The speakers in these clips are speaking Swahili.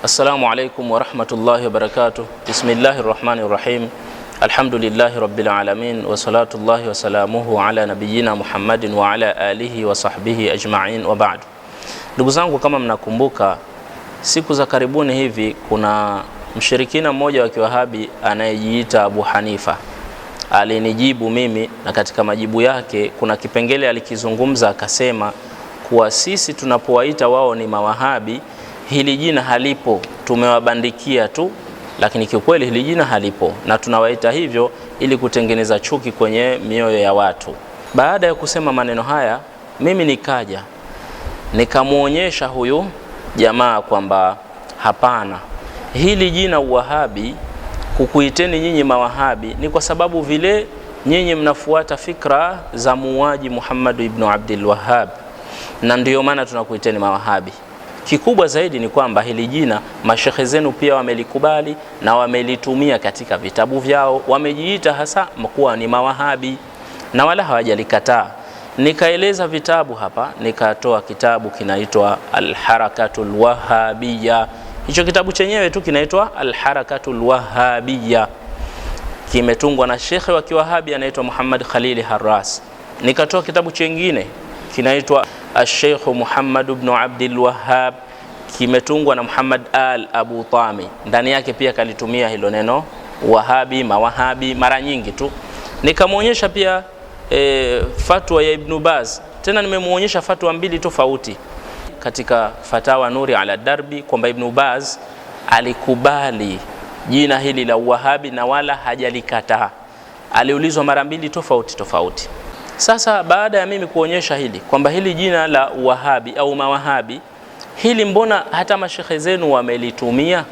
Assalamu alaikum warahmatullahi wabarakatuh. Bismillahi rahmani rahim. Alhamdulillahi rabbil alamin wasalatullahi wasalamuhu ala nabiyina Muhammadin wa ala alihi wa sahbihi ajmain wa ba'du. Ndugu zangu, kama mnakumbuka, siku za karibuni hivi kuna mshirikina mmoja wa Kiwahabi anayejiita Abu Hanifa alinijibu mimi, na katika majibu yake kuna kipengele alikizungumza akasema kuwa sisi tunapowaita wao ni mawahabi hili jina halipo, tumewabandikia tu, lakini kiukweli hili jina halipo, na tunawaita hivyo ili kutengeneza chuki kwenye mioyo ya watu. Baada ya kusema maneno haya, mimi nikaja nikamwonyesha huyu jamaa kwamba hapana, hili jina Uwahabi kukuiteni nyinyi mawahabi ni kwa sababu vile nyinyi mnafuata fikra za muuaji Muhammad ibn Abdul Wahhab, na ndiyo maana tunakuiteni mawahabi. Kikubwa zaidi ni kwamba hili jina mashehe zenu pia wamelikubali na wamelitumia katika vitabu vyao, wamejiita hasa kuwa ni mawahabi na wala hawajalikataa. Nikaeleza vitabu hapa, nikatoa kitabu kinaitwa Alharakatul Wahabiya. Hicho kitabu chenyewe tu kinaitwa Alharakatul Wahabiya, kimetungwa na shekhe wa Kiwahabi anaitwa Muhammad Khalili Harras. Nikatoa kitabu chengine kinaitwa asheikhu Muhammad ibn Abdul Wahhab kimetungwa na Muhammad al Abu Tami. Ndani yake pia kalitumia hilo neno Wahabi, mawahabi mara nyingi tu. Nikamwonyesha pia e, fatwa ya Ibn Baz, tena nimemwonyesha fatwa mbili tofauti katika Fatawa Nuri ala Darbi kwamba Ibn Baz alikubali jina hili la Wahabi na wala hajalikataa. Aliulizwa mara mbili tofauti tofauti. Sasa baada ya mimi kuonyesha hili kwamba hili jina la Wahabi au Mawahabi hili mbona hata mashehe zenu wamelitumia,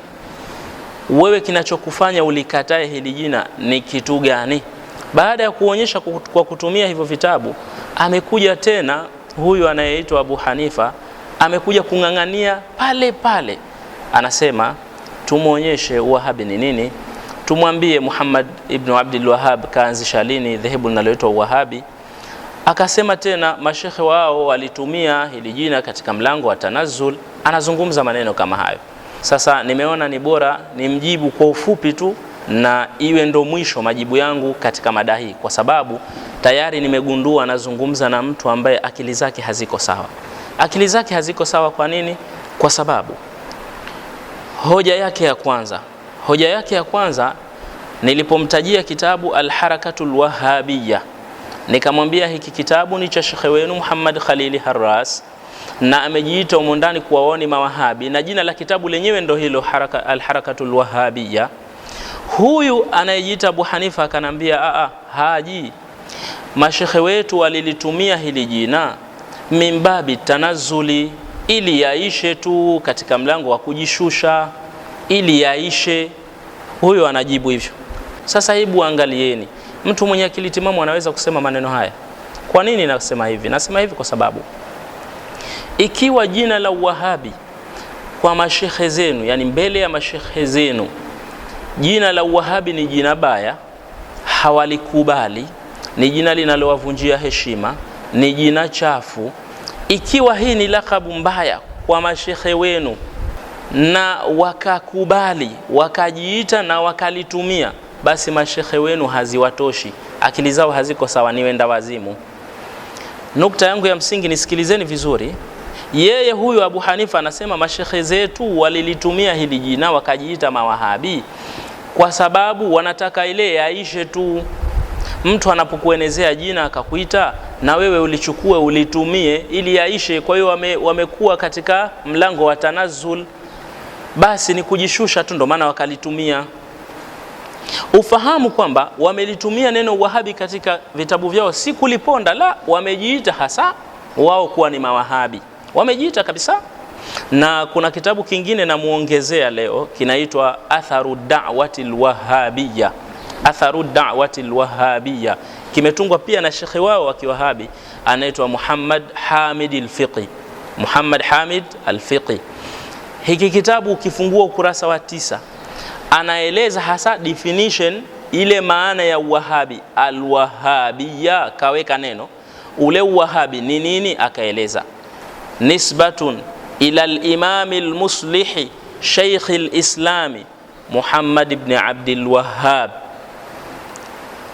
wewe kinachokufanya ulikatae hili jina ni kitu gani? Baada ya kuonyesha kwa kutumia hivyo vitabu, amekuja tena huyu anayeitwa Abu Hanifa, amekuja kung'ang'ania pale pale, anasema tumwonyeshe Wahabi ni nini, tumwambie Muhammad ibn Abdul Wahhab kaanzisha lini dhehebu linaloitwa Wahabi. Akasema tena mashekhe wao walitumia hili jina katika mlango wa tanazul, anazungumza maneno kama hayo. Sasa nimeona ni bora nimjibu kwa ufupi tu na iwe ndo mwisho majibu yangu katika mada hii, kwa sababu tayari nimegundua nazungumza na mtu ambaye akili zake haziko sawa. Akili zake haziko sawa. Kwa nini? Kwa sababu hoja yake ya kwanza, hoja yake ya kwanza nilipomtajia kitabu Alharakatul Wahhabiyah nikamwambia hiki kitabu ni cha shekhe wenu Muhammad Khalili Harras na amejiita humo ndani kuwaoni mawahabi na jina la kitabu lenyewe ndo hilo haraka, Alharakatul Wahabiya. Huyu anayejiita Abu Hanifa akanambia a ah, ah, haji, mashekhe wetu walilitumia hili jina mimbabi tanazuli, ili yaishe tu katika mlango wa kujishusha, ili yaishe. Huyo anajibu hivyo. Sasa hebu angalieni Mtu mwenye akili timamu anaweza kusema maneno haya. Kwa nini nasema hivi? Nasema hivi kwa sababu ikiwa jina la Wahabi kwa mashehe zenu, yani mbele ya mashehe zenu, jina la Wahabi ni jina baya, hawalikubali, ni jina linalowavunjia heshima, ni jina chafu. Ikiwa hii ni lakabu mbaya kwa mashehe wenu na wakakubali, wakajiita na wakalitumia basi mashehe wenu haziwatoshi, akili zao haziko sawa, ni wenda wazimu. Nukta yangu ya msingi, nisikilizeni vizuri. Yeye huyu Abu Hanifa anasema mashekhe zetu walilitumia hili jina wakajiita mawahabi kwa sababu wanataka ile yaishe tu. Mtu anapokuenezea jina akakuita, na wewe ulichukue ulitumie ili yaishe. Kwa hiyo wame, wamekuwa katika mlango wa tanazul, basi ni kujishusha tu, ndo maana wakalitumia. Ufahamu kwamba wamelitumia neno wahabi katika vitabu vyao, si kuliponda la, wamejiita hasa wao kuwa ni mawahabi, wamejiita kabisa. Na kuna kitabu kingine namuongezea leo kinaitwa Atharu Dawati Lwahabiya, Atharu Dawati Lwahabiya, kimetungwa pia na shekhe wao wa Kiwahabi anaitwa Muhammad Hamid Alfiqi, Muhammad Hamid Alfiqi. Hiki kitabu ukifungua ukurasa wa tisa anaeleza hasa definition ile maana ya Wahabi, alwahabiya, kaweka neno ule Wahabi ni nini, akaeleza nisbatun ila limami lmuslihi al lislami shaykh al Muhammad ibn Abdul Wahhab,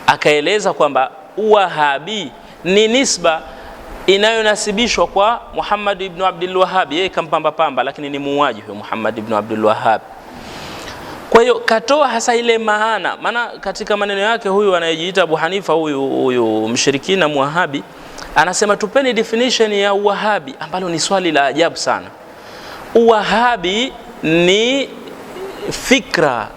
akaeleza kwamba Wahabi ni nisba inayonasibishwa kwa Muhammad ibn Abdul Wahhab. Yeye kampamba pamba, lakini ni muuaji huyo Muhammad ibn Abdul Wahhab kwa hiyo katoa hasa ile maana, maana katika maneno yake huyu anayejiita Abu Hanifa huyu huyu mshirikina muwahabi anasema tupeni definition ya uwahabi, ambalo ni swali la ajabu sana. Uwahabi ni fikra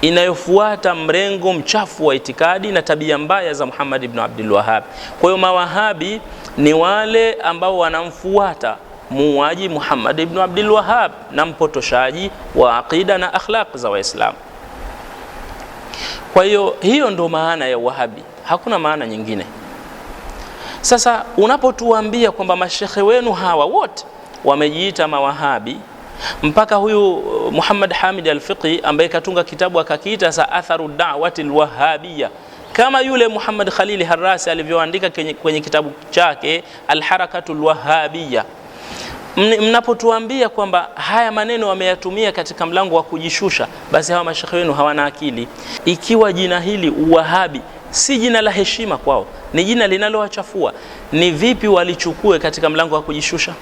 inayofuata mrengo mchafu wa itikadi na tabia mbaya za Muhammad ibn Abdul Wahhab. Kwa hiyo mawahabi ni wale ambao wanamfuata muuaji Muhammad ibn Abdul Wahhab na mpotoshaji wa aqida na akhlaq za Waislamu. Kwa hiyo hiyo ndo maana ya Wahabi, hakuna maana nyingine. Sasa unapotuambia kwamba mashekhe wenu hawa wote wamejiita mawahabi mpaka huyu uh, Muhammad Hamid al ambaye katunga kitabu akakiita sa atharu da'wati al kama yule Muhammad khalili harasi alivyoandika kwenye kitabu chake Al-harakatu wahhabiyya mnapotuambia kwamba haya maneno wameyatumia katika mlango wa kujishusha, basi hawa mashekhe wenu hawana akili. Ikiwa jina hili uwahabi si jina la heshima kwao, ni jina linalowachafua, ni vipi walichukue katika mlango wa kujishusha?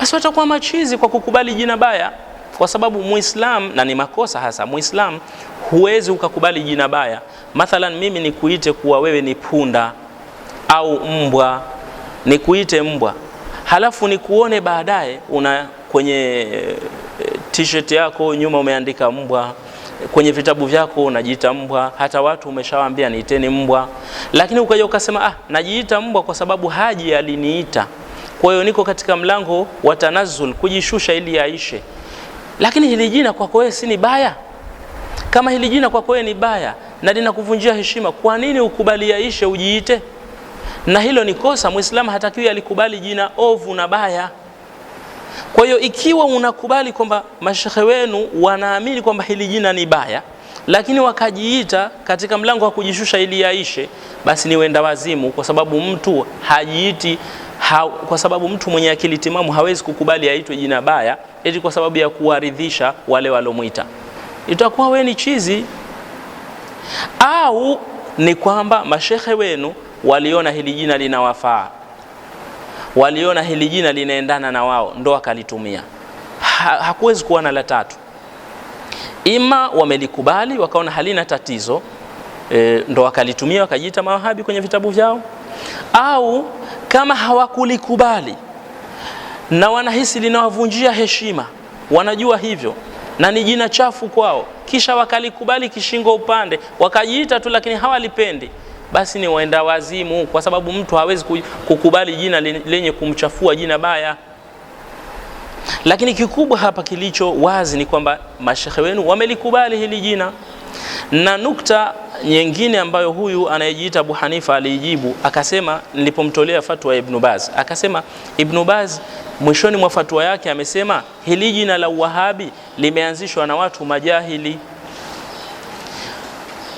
Basi watakuwa machizi kwa kukubali jina baya, kwa sababu Muislam, na ni makosa hasa Muislam, huwezi ukakubali jina baya. Mathalan, mimi nikuite kuwa wewe ni punda au mbwa, nikuite mbwa halafu nikuone baadaye una kwenye eh, t-shirt yako nyuma umeandika mbwa, kwenye vitabu vyako unajiita mbwa, hata watu umeshawaambia niiteni mbwa, lakini ukaja ukasema ah, najiita mbwa kwa sababu Haji aliniita, kwa hiyo niko katika mlango wa tanazzul, kujishusha ili aishe. Lakini hili jina kwako wewe si ni baya? Kama hili jina kwako wewe ni baya na linakuvunjia heshima, kwa nini ukubali aishe ujiite na hilo ni kosa. Muislamu hatakiwi alikubali jina ovu na baya. Kwa hiyo ikiwa unakubali kwamba mashehe wenu wanaamini kwamba hili jina ni baya, lakini wakajiita katika mlango wa kujishusha ili yaishe, basi ni wenda wazimu, kwa sababu mtu hajiiti ha, kwa sababu mtu mwenye akili timamu hawezi kukubali aitwe jina baya eti kwa sababu ya kuwaridhisha wale walomwita, itakuwa we ni chizi. Au ni kwamba mashehe wenu waliona hili jina linawafaa, waliona hili jina linaendana na wao, ndo wakalitumia. Ha, hakuwezi kuwa na la tatu. Ima wamelikubali wakaona halina tatizo e, ndo wakalitumia wakajiita mawahabi kwenye vitabu vyao, au kama hawakulikubali na wanahisi linawavunjia heshima, wanajua hivyo na ni jina chafu kwao, kisha wakalikubali kishingo upande, wakajiita tu, lakini hawalipendi basi ni waenda wazimu, kwa sababu mtu hawezi kukubali jina lenye kumchafua jina baya. Lakini kikubwa hapa kilicho wazi ni kwamba mashehe wenu wamelikubali hili jina, na nukta nyingine ambayo huyu anayejiita Abu Hanifa aliijibu akasema, nilipomtolea fatwa ya Ibn Baz akasema, Ibn Baz mwishoni mwa fatwa yake amesema hili jina la Uwahabi limeanzishwa na watu majahili.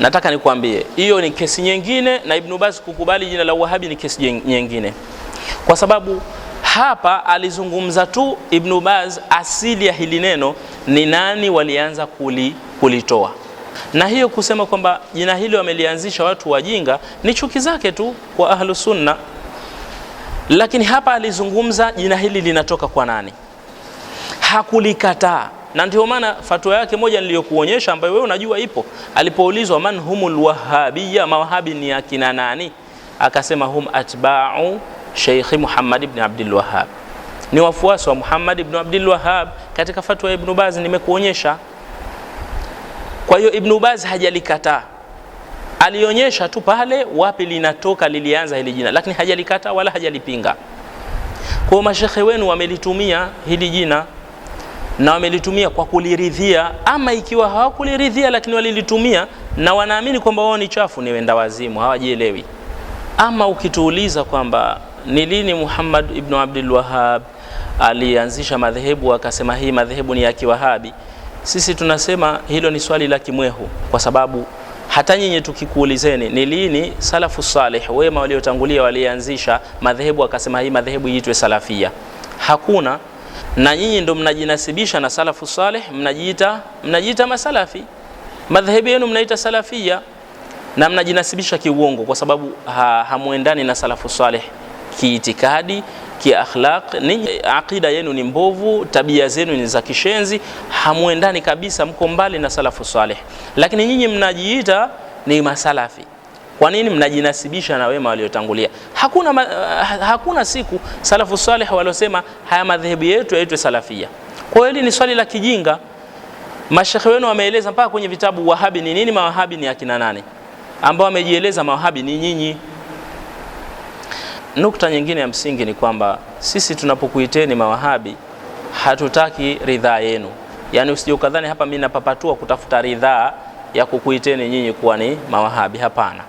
Nataka nikwambie hiyo ni kesi nyingine, na Ibn Baz kukubali jina la Wahabi ni kesi nyingine, kwa sababu hapa alizungumza tu Ibn Baz asili ya hili neno ni nani walianza kuli, kulitoa na hiyo kusema kwamba jina hili wamelianzisha watu wajinga ni chuki zake tu kwa ahlusunna sunna, lakini hapa alizungumza jina hili linatoka kwa nani, hakulikataa na ndio maana fatwa yake moja niliyokuonyesha, ambayo wewe unajua ipo, alipoulizwa man humul wahabiyya, mawahabi ni akina nani? Akasema hum atba'u Sheikh Muhammad ibn Abdul Wahhab, ni wafuasi wa Muhammad ibn Abdul Wahhab. Katika fatwa ya Ibn Baz nimekuonyesha. Kwa hiyo Ibn Baz hajalikataa, alionyesha tu pale wapi linatoka lilianza hili jina, lakini hajalikataa wala hajalipinga. Kwa hiyo mashekhe wenu wamelitumia hili jina na wamelitumia kwa kuliridhia, ama ikiwa hawakuliridhia lakini walilitumia na wanaamini kwamba wao ni chafu, ni wenda wazimu, hawajielewi. Ama ukituuliza kwamba ni lini Muhammad ibn Abdul Wahhab alianzisha madhehebu akasema hii madhehebu ni ya Kiwahabi, sisi tunasema hilo ni swali la kimwehu, kwa sababu hata nyinyi tukikuulizeni ni lini salafu salih wema waliotangulia walianzisha madhehebu akasema hii madhehebu iitwe salafia, hakuna na nyinyi ndo mnajinasibisha na salafu saleh, mnajiita mnajiita masalafi, madhehebu yenu mnaita salafia na mnajinasibisha kiuongo, kwa sababu ha, hamwendani na salafu saleh kiitikadi, kiakhlaq. Ninyi aqida yenu ni mbovu, tabia zenu ni za kishenzi, hamwendani kabisa, mko mbali na salafu saleh, lakini nyinyi mnajiita ni masalafi. Kwa nini mnajinasibisha na wema waliotangulia? Hakuna, uh, hakuna siku salafu salih waliosema haya madhehebu yetu yaitwe salafia. Kwa hiyo hili ni swali la kijinga. Mashekhe wenu wameeleza mpaka kwenye vitabu wahabi ni nini, mawahabi ni akina nani, ambao wamejieleza mawahabi ni nyinyi. Nukta nyingine ya msingi ni kwamba sisi tunapokuiteni mawahabi hatutaki ridhaa yenu, yaani usije ukadhani hapa mimi napapatua kutafuta ridhaa ya kukuiteni nyinyi kuwa ni mawahabi. Hapana.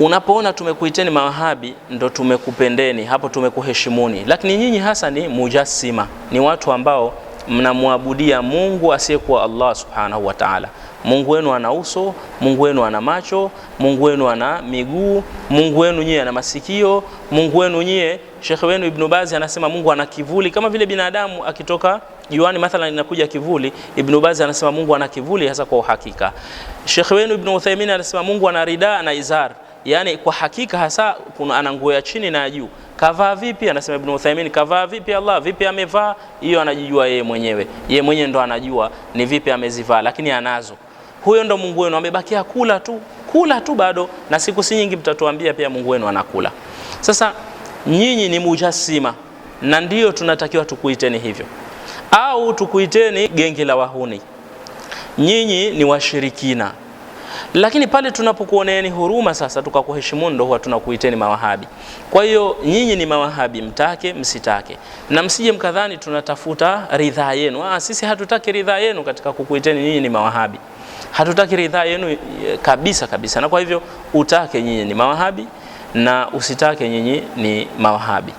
Unapoona tumekuiteni mawahabi ndo tumekupendeni hapo, tumekuheshimuni, lakini nyinyi hasa ni mujassima, ni watu ambao mnamwabudia Mungu asiyekuwa Allah subhanahu wa ta'ala. Mungu wenu ana uso, Mungu wenu ana macho, Mungu wenu ana miguu, Mungu wenu nyie ana masikio, Mungu wenu nyie. Sheikh wenu Ibn Baz anasema Mungu ana kivuli kama vile binadamu akitoka juani mathalan inakuja kivuli. Ibn Baz anasema Mungu ana kivuli hasa kwa uhakika. Sheikh wenu Ibn Uthaymeen anasema Mungu ana ridaa na izar yani kwa hakika hasa kuna ana nguo ya chini na ya juu. Kavaa vipi? Anasema Ibn Uthaymeen, kavaa vipi Allah, vipi amevaa, hiyo anajijua yeye mwenyewe. Yeye mwenyewe ndo anajua ni vipi amezivaa, lakini anazo. Huyo ndo Mungu wenu, amebakia kula tu, kula tu bado, na siku si nyingi mtatuambia pia Mungu wenu anakula. Sasa nyinyi ni mujasima, na ndiyo tunatakiwa tukuiteni hivyo, au tukuiteni gengi la wahuni. Nyinyi ni washirikina. Lakini pale tunapokuoneeni huruma sasa tukakuheshimu, ndo huwa tunakuiteni mawahabi. Kwa hiyo nyinyi ni mawahabi, mtake msitake, na msije mkadhani tunatafuta ridhaa yenu. Ah, sisi hatutaki ridhaa yenu katika kukuiteni nyinyi ni mawahabi, hatutaki ridhaa yenu eh, kabisa kabisa. Na kwa hivyo utake nyinyi ni mawahabi na usitake nyinyi ni mawahabi.